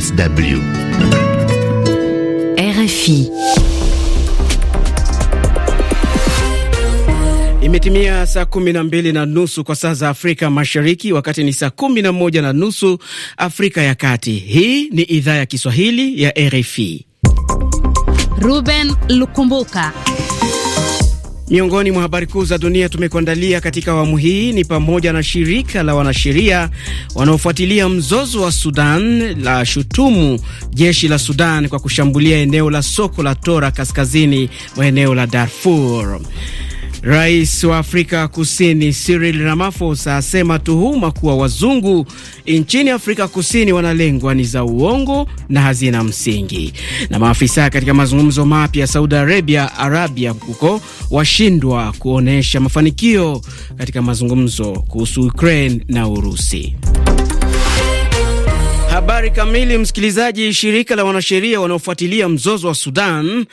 DSW. RFI. Imetimia saa kumi na mbili na nusu kwa saa za Afrika Mashariki, wakati ni saa kumi na moja na nusu Afrika ya Kati. Hii ni idhaa ya Kiswahili ya RFI. Ruben Lukumbuka Miongoni mwa habari kuu za dunia tumekuandalia katika awamu hii ni pamoja na shirika la wanasheria wanaofuatilia mzozo wa Sudan la shutumu jeshi la Sudan kwa kushambulia eneo la soko la Tora kaskazini mwa eneo la Darfur. Rais wa Afrika Kusini Cyril Ramaphosa asema tuhuma kuwa wazungu nchini Afrika Kusini wanalengwa ni za uongo na hazina msingi. Na maafisa katika mazungumzo mapya Saudi Arabia Arabia huko washindwa kuonyesha mafanikio katika mazungumzo kuhusu Ukraine na Urusi. Habari kamili, msikilizaji. Shirika la wanasheria wanaofuatilia mzozo wa Sudan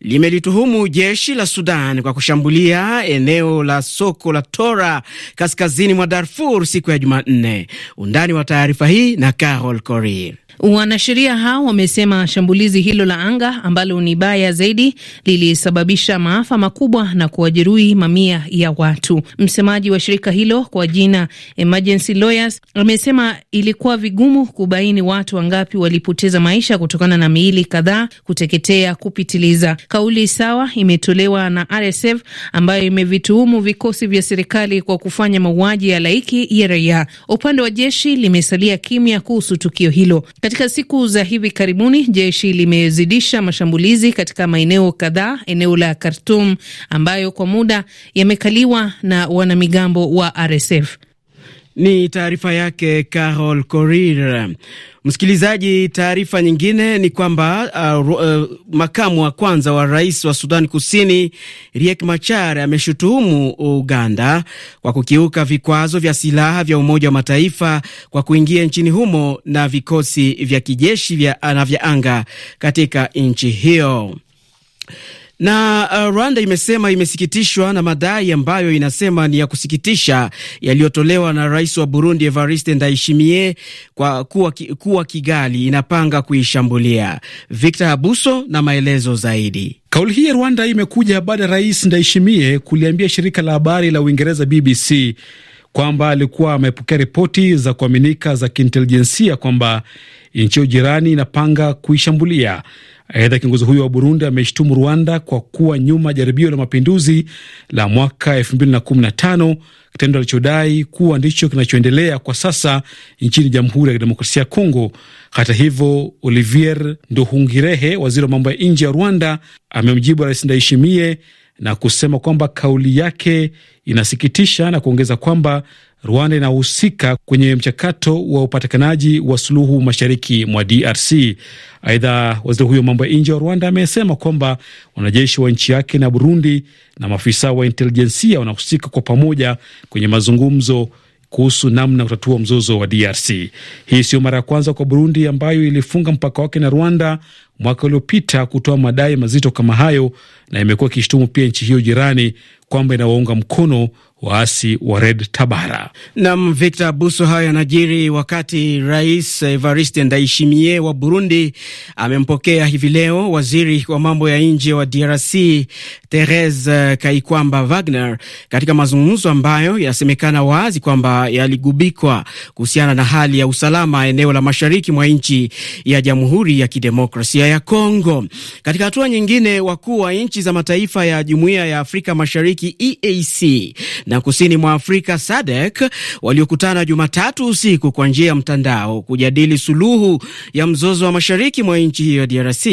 limelituhumu jeshi la Sudan kwa kushambulia eneo la soko la Tora kaskazini mwa Darfur siku ya Jumanne. Undani wa taarifa hii na Carol cori Wanasheria hao wamesema shambulizi hilo la anga ambalo ni baya zaidi lilisababisha maafa makubwa na kuwajeruhi mamia ya watu. Msemaji wa shirika hilo kwa jina Emergency Lawyers amesema ilikuwa vigumu kubaini kubaini watu wangapi walipoteza maisha kutokana na miili kadhaa kuteketea kupitiliza. Kauli sawa imetolewa na RSF ambayo imevituhumu vikosi vya serikali kwa kufanya mauaji ya laiki ya raia. Upande wa jeshi limesalia kimya kuhusu tukio hilo. Katika siku za hivi karibuni, jeshi limezidisha mashambulizi katika maeneo kadhaa, eneo la Khartoum ambayo kwa muda yamekaliwa na wanamigambo wa RSF. Ni taarifa yake Carol Korir. Msikilizaji, taarifa nyingine ni kwamba uh, uh, makamu wa kwanza wa rais wa Sudan Kusini Riek Machar ameshutumu Uganda kwa kukiuka vikwazo vya silaha vya Umoja wa Mataifa kwa kuingia nchini humo na vikosi vya kijeshi vya, na vya anga katika nchi hiyo. Na uh, Rwanda imesema imesikitishwa na madai ambayo inasema ni ya kusikitisha yaliyotolewa na rais wa Burundi Evariste Ndayishimiye kwa kuwa, kuwa Kigali inapanga kuishambulia. Victor Abuso na maelezo zaidi. Kauli hii ya Rwanda imekuja baada ya rais Ndayishimiye kuliambia shirika la habari la Uingereza BBC kwamba alikuwa amepokea ripoti za kuaminika za kiintelijensia kwamba nchi hiyo jirani inapanga kuishambulia. Aidha, kiongozi huyo wa Burundi ameshtumu Rwanda kwa kuwa nyuma jaribio la mapinduzi la mwaka 2015 kitendo alichodai kuwa ndicho kinachoendelea kwa sasa nchini Jamhuri ya Kidemokrasia ya Kongo. Hata hivyo, Olivier Nduhungirehe, waziri wa mambo ya nje ya Rwanda, amemjibu Rais Ndayishimiye na kusema kwamba kauli yake inasikitisha na kuongeza kwamba Rwanda inahusika kwenye mchakato wa upatikanaji wa suluhu mashariki mwa DRC. Aidha, waziri huyo mambo ya nje wa Rwanda amesema kwamba wanajeshi wa nchi yake na Burundi na maafisa wa intelijensia wanahusika kwa pamoja kwenye mazungumzo kuhusu namna kutatua mzozo wa DRC. Hii siyo mara ya kwanza kwa Burundi ambayo ilifunga mpaka wake na Rwanda mwaka uliopita kutoa madai mazito kama hayo, na imekuwa ikishutumu pia nchi hiyo jirani kwamba inawaunga mkono waasi wa Red Tabara. Nam Victor Buso, hayo yanajiri wakati Rais Evariste Ndayishimiye wa Burundi amempokea hivi leo waziri wa mambo ya nje wa DRC Therese Kaikwamba Wagner katika mazungumzo ambayo yanasemekana wazi kwamba yaligubikwa kuhusiana na hali ya usalama eneo la mashariki mwa nchi ya Jamhuri ya Kidemokrasia ya Kongo. Katika hatua nyingine, wakuu wa nchi za mataifa ya Jumuiya ya Afrika Mashariki EAC na Kusini mwa Afrika SADC waliokutana Jumatatu usiku kwa njia ya mtandao kujadili suluhu ya mzozo wa mashariki mwa nchi hiyo DRC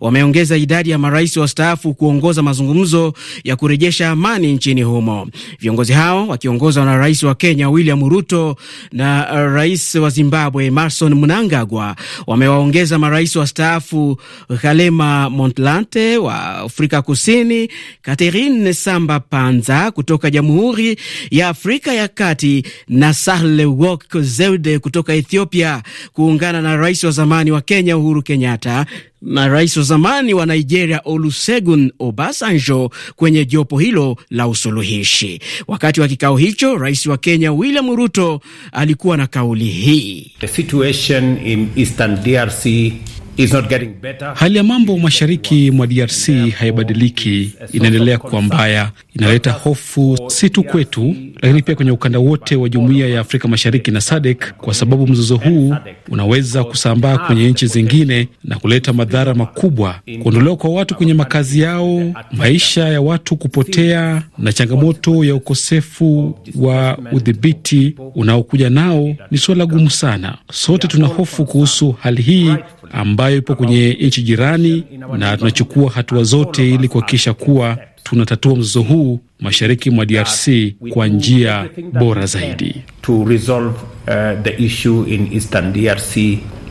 wameongeza idadi ya marais wastaafu kuongoza mazungumzo ya kurejesha amani nchini humo. Viongozi hao wakiongozwa na rais wa Kenya William Ruto na rais wa Zimbabwe Emmerson Mnangagwa wamewaongeza marais wastaafu Halema montlante wa Afrika Kusini, Catherine Samba Panza kutoka Jamhuri ya Afrika ya Kati na Sahle Work Zewde kutoka Ethiopia kuungana na rais wa zamani wa Kenya Uhuru Kenyatta na rais wa zamani wa Nigeria Olusegun Obasanjo kwenye jopo hilo la usuluhishi. Wakati wa kikao hicho, rais wa Kenya William Ruto alikuwa na kauli hii: The situation in Eastern DRC Hali ya mambo mashariki mwa DRC haibadiliki, inaendelea kuwa mbaya, inaleta hofu si tu kwetu, lakini pia kwenye ukanda wote wa Jumuiya ya Afrika Mashariki na SADC, kwa sababu mzozo huu unaweza kusambaa kwenye nchi zingine na kuleta madhara makubwa, kuondolewa kwa watu kwenye makazi yao, maisha ya watu kupotea, na changamoto ya ukosefu wa udhibiti unaokuja nao ni suala gumu sana. Sote tuna hofu kuhusu hali hii ambayo ipo kwenye nchi jirani, na tunachukua hatua zote ili kuhakikisha kuwa tunatatua mzozo huu mashariki mwa DRC kwa njia bora zaidi. Uh,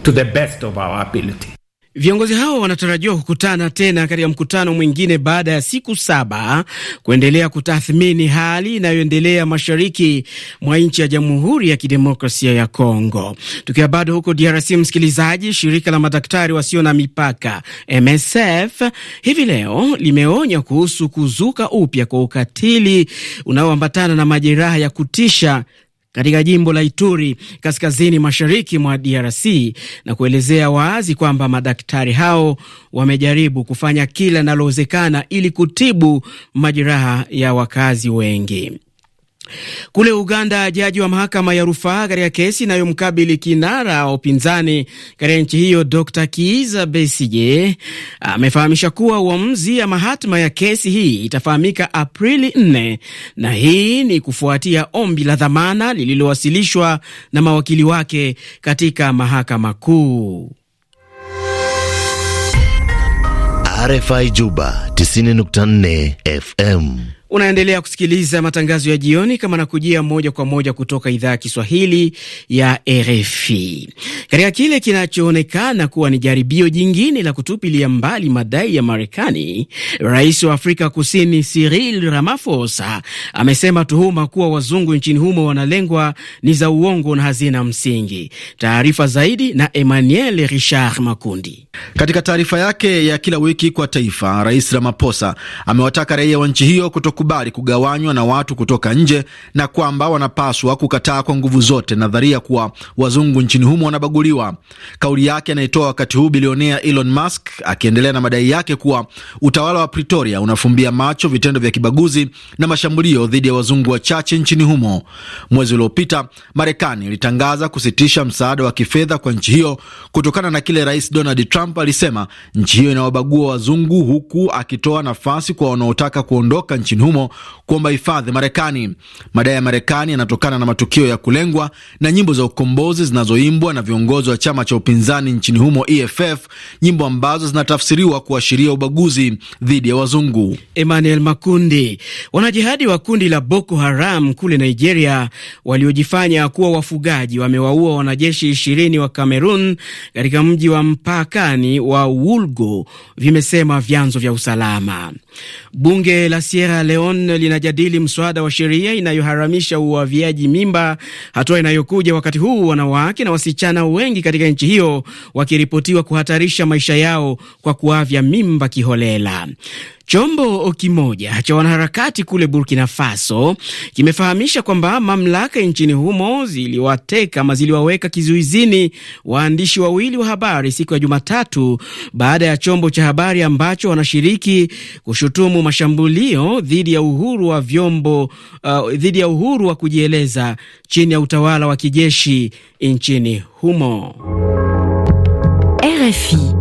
to the best of our ability. Viongozi hao wanatarajiwa kukutana tena katika mkutano mwingine baada ya siku saba kuendelea kutathmini hali inayoendelea mashariki mwa nchi ya Jamhuri ya Kidemokrasia ya Kongo. Tukiwa bado huko DRC, msikilizaji, shirika la madaktari wasio na mipaka MSF hivi leo limeonya kuhusu kuzuka upya kwa ukatili unaoambatana na majeraha ya kutisha katika jimbo la Ituri kaskazini mashariki mwa DRC na kuelezea wazi kwamba madaktari hao wamejaribu kufanya kila linalowezekana ili kutibu majeraha ya wakazi wengi. Kule Uganda, jaji wa mahakama ya rufaa katika kesi inayomkabili kinara wa upinzani katika nchi hiyo Dr Kiiza Besije amefahamisha kuwa uamuzi ya mahatma ya kesi hii itafahamika Aprili 4 na hii ni kufuatia ombi la dhamana lililowasilishwa na mawakili wake katika mahakama kuu. RFI Juba 90.4 FM. Unaendelea kusikiliza matangazo ya jioni kama nakujia moja kwa moja kutoka idhaa ya Kiswahili ya RFI. Katika kile kinachoonekana kuwa ni jaribio jingine la kutupilia mbali madai ya Marekani, rais wa Afrika Kusini Cyril Ramaphosa amesema tuhuma kuwa wazungu nchini humo wanalengwa ni za uongo na hazina msingi. Taarifa zaidi na Emmanuel Richard Makundi. Katika taarifa yake ya kila wiki kwa taifa, rais Ramaphosa amewataka raia wa nchi hiyo hawakubali kugawanywa na watu kutoka nje na kwamba wanapaswa kukataa kwa nguvu zote nadharia kuwa wazungu nchini humo wanabaguliwa. Kauli yake anaitoa wakati huu bilionea Elon Musk akiendelea na madai yake kuwa utawala wa Pretoria unafumbia macho vitendo vya kibaguzi na mashambulio dhidi ya wazungu wachache nchini humo. Mwezi uliopita, Marekani ilitangaza kusitisha msaada wa kifedha kwa nchi hiyo kutokana na kile Rais Donald Trump alisema nchi hiyo inawabagua wazungu, huku akitoa nafasi kwa wanaotaka kuondoka nchini humo humo kuomba hifadhi Marekani. Madai ya Marekani yanatokana na matukio ya kulengwa na nyimbo za ukombozi zinazoimbwa na viongozi wa chama cha upinzani nchini humo EFF, nyimbo ambazo zinatafsiriwa kuashiria ubaguzi dhidi ya wazungu. Emmanuel Makundi. Wanajihadi wa kundi la Boko Haram kule Nigeria waliojifanya kuwa wafugaji wamewaua wanajeshi ishirini wa Kamerun katika mji wa mpakani wa Wulgo, vimesema vyanzo vya usalama. Bunge la Sierra Leone Leon linajadili mswada wa sheria inayoharamisha uavyaji mimba, hatua inayokuja wakati huu wanawake na wasichana wengi katika nchi hiyo wakiripotiwa kuhatarisha maisha yao kwa kuavya mimba kiholela. Chombo kimoja cha wanaharakati kule Burkina Faso kimefahamisha kwamba mamlaka nchini humo ziliwateka ama ziliwaweka kizuizini waandishi wawili wa habari siku ya Jumatatu baada ya chombo cha habari ambacho wanashiriki kushutumu mashambulio dhidi ya uhuru wa vyombo uh, dhidi ya uhuru wa kujieleza chini ya utawala wa kijeshi nchini humo. RFI.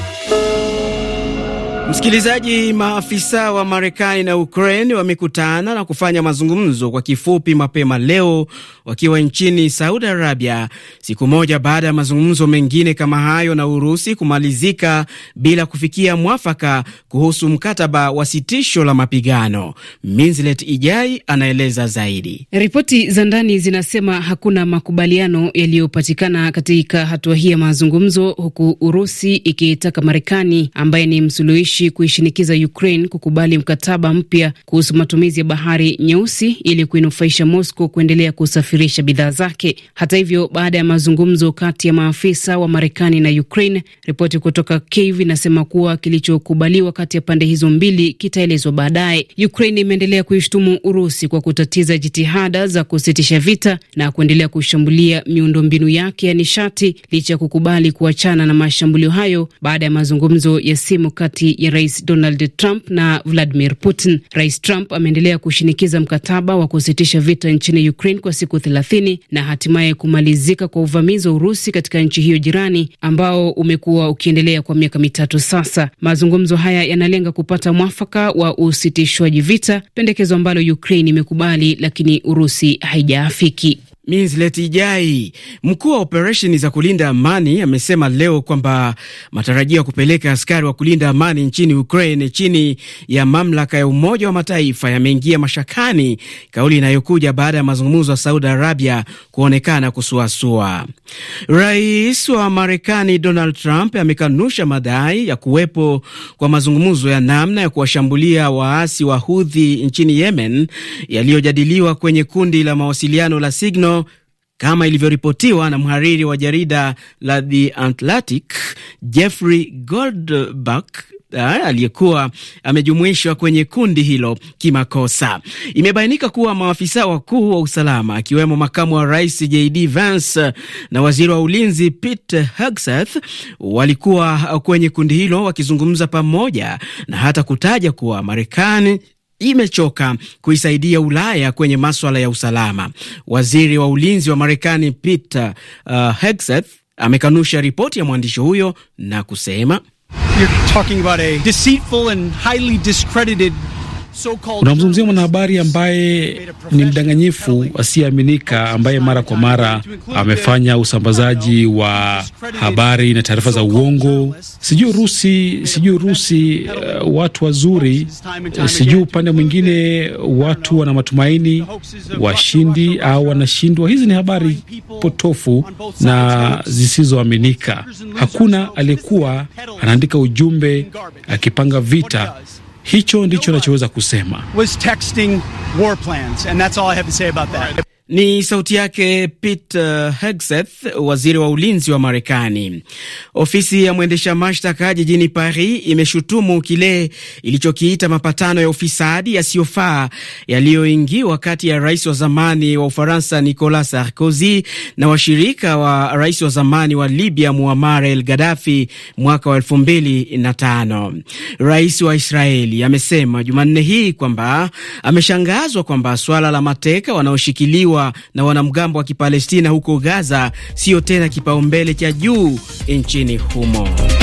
Msikilizaji, maafisa wa Marekani na Ukraine wamekutana na kufanya mazungumzo kwa kifupi mapema leo wakiwa nchini Saudi Arabia, siku moja baada ya mazungumzo mengine kama hayo na Urusi kumalizika bila kufikia mwafaka kuhusu mkataba wa sitisho la mapigano. Minzlet Ijai anaeleza zaidi. Ripoti za ndani zinasema hakuna makubaliano yaliyopatikana katika hatua hii ya mazungumzo, huku Urusi ikitaka Marekani ambaye ni msuluhishi nchi kuishinikiza Ukraine kukubali mkataba mpya kuhusu matumizi ya bahari nyeusi ili kuinufaisha Moscow kuendelea kusafirisha bidhaa zake. Hata hivyo, baada ya mazungumzo kati ya maafisa wa Marekani na Ukraine, ripoti kutoka Kiev inasema kuwa kilichokubaliwa kati ya pande hizo mbili kitaelezwa baadaye. Ukraine imeendelea kuishutumu Urusi kwa kutatiza jitihada za kusitisha vita na kuendelea kushambulia miundombinu yake ya nishati licha ya kukubali kuachana na mashambulio hayo baada ya mazungumzo ya simu kati ya rais Donald Trump na Vladimir Putin. Rais Trump ameendelea kushinikiza mkataba wa kusitisha vita nchini Ukraine kwa siku thelathini na hatimaye kumalizika kwa uvamizi wa Urusi katika nchi hiyo jirani ambao umekuwa ukiendelea kwa miaka mitatu sasa. Mazungumzo haya yanalenga kupata mwafaka wa usitishwaji vita, pendekezo ambalo Ukraine imekubali lakini Urusi haijaafiki minslet Ijai, mkuu wa operesheni za kulinda amani, amesema leo kwamba matarajio ya kupeleka askari wa kulinda amani nchini Ukraine chini ya mamlaka ya Umoja wa Mataifa yameingia mashakani, kauli inayokuja baada ya mazungumzo ya Saudi Arabia kuonekana kusuasua. Rais wa Marekani Donald Trump amekanusha madai ya kuwepo kwa mazungumzo ya namna ya kuwashambulia waasi wa Hudhi nchini Yemen yaliyojadiliwa kwenye kundi la mawasiliano la Signal kama ilivyoripotiwa na mhariri wa jarida la The Atlantic Jeffrey Goldberg eh, aliyekuwa amejumuishwa kwenye kundi hilo kimakosa. Imebainika kuwa maafisa wakuu wa usalama akiwemo makamu wa rais JD Vance na waziri wa ulinzi Pete Hegseth walikuwa kwenye kundi hilo wakizungumza pamoja na hata kutaja kuwa Marekani imechoka kuisaidia Ulaya kwenye maswala ya usalama. Waziri wa ulinzi wa Marekani Peter uh, Hegseth amekanusha ripoti ya mwandishi huyo na kusema You're Unamzungumzia mwanahabari ambaye ni mdanganyifu asiyeaminika, ambaye mara kwa mara amefanya usambazaji wa habari na taarifa za uongo. Sijui Urusi, sijui Urusi uh, watu wazuri, eh, sijui upande mwingine watu wana matumaini, washindi au wanashindwa. Hizi ni habari potofu na zisizoaminika. Hakuna aliyekuwa anaandika ujumbe akipanga vita Hicho ndicho nachoweza kusema. Was texting war plans, and that's all I have to say about that. Right. Ni sauti yake Pete Hegseth, waziri wa ulinzi wa Marekani. Ofisi ya mwendesha mashtaka jijini Paris imeshutumu kile ilichokiita mapatano ya ufisadi yasiyofaa yaliyoingiwa kati ya rais wa zamani wa Ufaransa Nicolas Sarkozy na washirika wa rais wa zamani wa Libya Muammar el Gaddafi mwaka wa elfu mbili na tano. Rais wa Israeli amesema Jumanne hii kwamba ameshangazwa kwamba swala la mateka wanaoshikiliwa kuuawa na wanamgambo wa Kipalestina huko Gaza sio tena kipaumbele cha juu nchini humo.